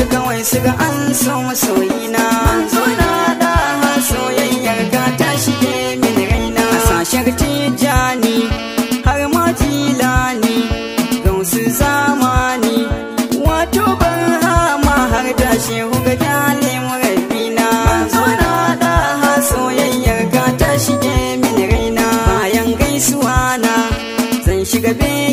su kawai su ga an so masoyina an so na da soyayyar gata shi ne min raina sashar tijani har ma ga wasu zamani wato ban hama har da shehu ga kyale murabina an so na da soyayyar gata shi ne min raina bayan gaisuwa na zan shiga bin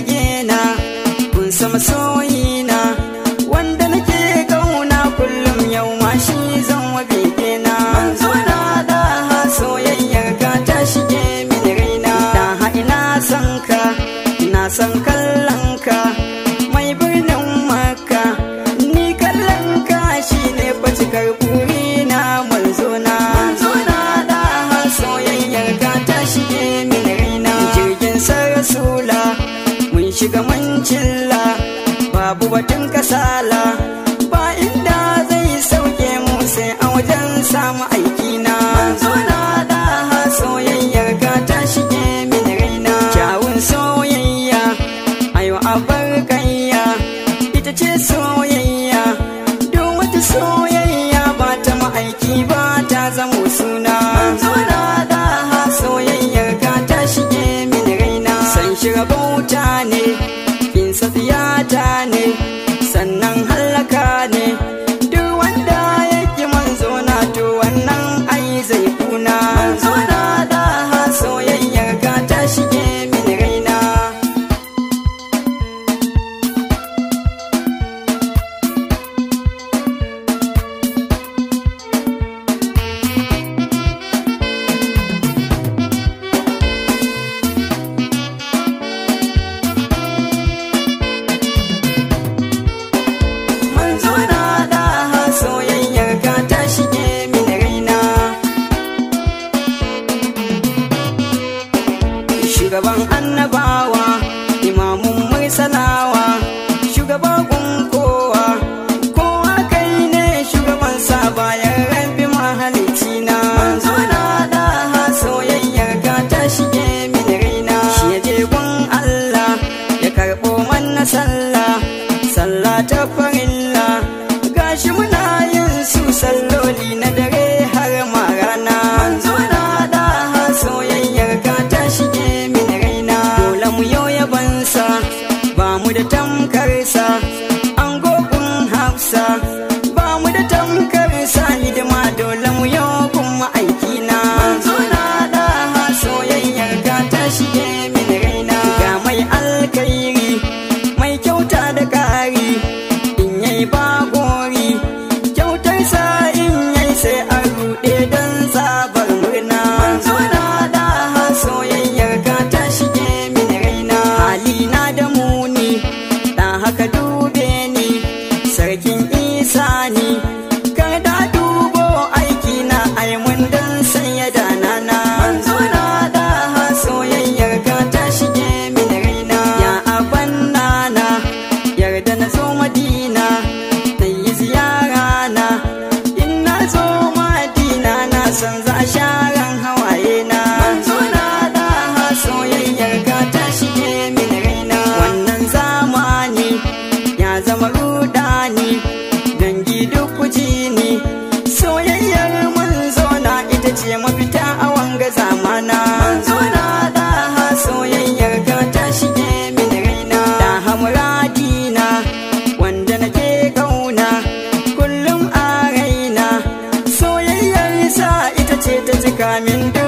san kallon ka mai birnin maka ni kallon ka ne bacikar buri na manzo na manzo na da soyayyar ka ta shige min raina jirgin sarasula mun shiga mancilla babu batun kasala shugaban annabawa imamun mai salawa shugaba kowa kowa kai ne shugaban sa bayan rabi mahalici na zo na da soyayyar gata ta shige min raina shi ya je gun Allah ya karɓo manna sallah sallah ta farilla gashi mu ba mu da tamkarsa sani kan da dubo aiki na aimun dan sanya da nana manzo na da soyayyar ka ta shige min raina ya aban nana yarda na zo madina na yi ziyara na in na zo madina na san za sharan hawaye na na da soyayyar ka kamin in.